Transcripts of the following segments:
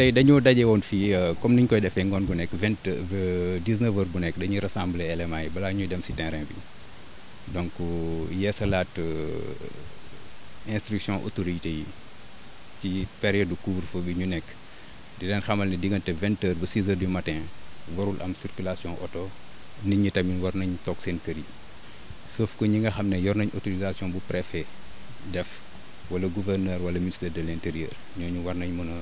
tey dañoo daje woon fii euh, comme ni ñu koy defee ngoon bu nekk vingt euh, dix-neuf heures bu nekk dañuy rassembler éléments yi balaa ñuy dem si terrain bi donc euh, yeesalaat instruction autorités yi ci période de couvre-feu bi ñu nekk di leen xamal ne diggante vingt heures ba six heures du matin warul am circulation auto nit ñi tamit war nañ toog seen kër yi sauf ko ñi nga xam ne yor nañ autorisation bu préfet def wala gouverneur wala ministre de l'intérieur ñooñu war nañ mën a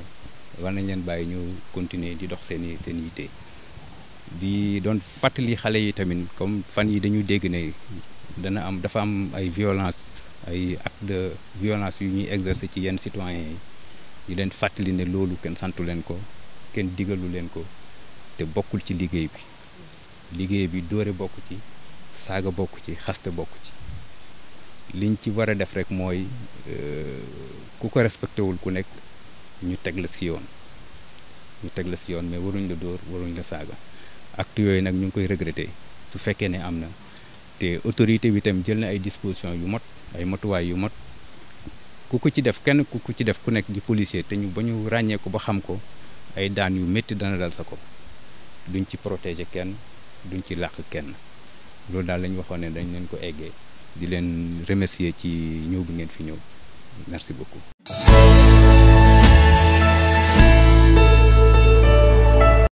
war nañ leen bàyyi ñu continuer di dox seeni seen yitte di doon fàttali xale yi tamit comme fan yi dañu dégg ne dana am dafa am ay violence ay acte de violence yu ñuy exercer ci yenn citoyens yi ñu leen fàttali ne loolu kenn santu leen ko kenn digalu leen ko te bokkul ci liggéey bi liggéey bi dóore bokk ci saaga bokk ci xaste bokk ci liñ ci war a def rek mooy euh, ku ko respecté wul ku nekk ñu teg la si yoon ñu si yoon mais waruñ la dóor waruñ la saaga acte yooyu nag ñu ngi koy regretter su fekkee ne am na te autorité bi tam jël na ay dispositions yu mot ay motuwaay yu mot ku ko ci def kenn ku ko ci def ku nekk di policier te ñu ba ñu ràññee ko ba xam ko ay daan yu métti dana dal sa ko duñ ci protéger kenn duñ ci làkk kenn loolu daal la waxoon ne dañ leen ko eggee di leen remercier ci ñëw bi ngeen fi ñëw merci beaucoup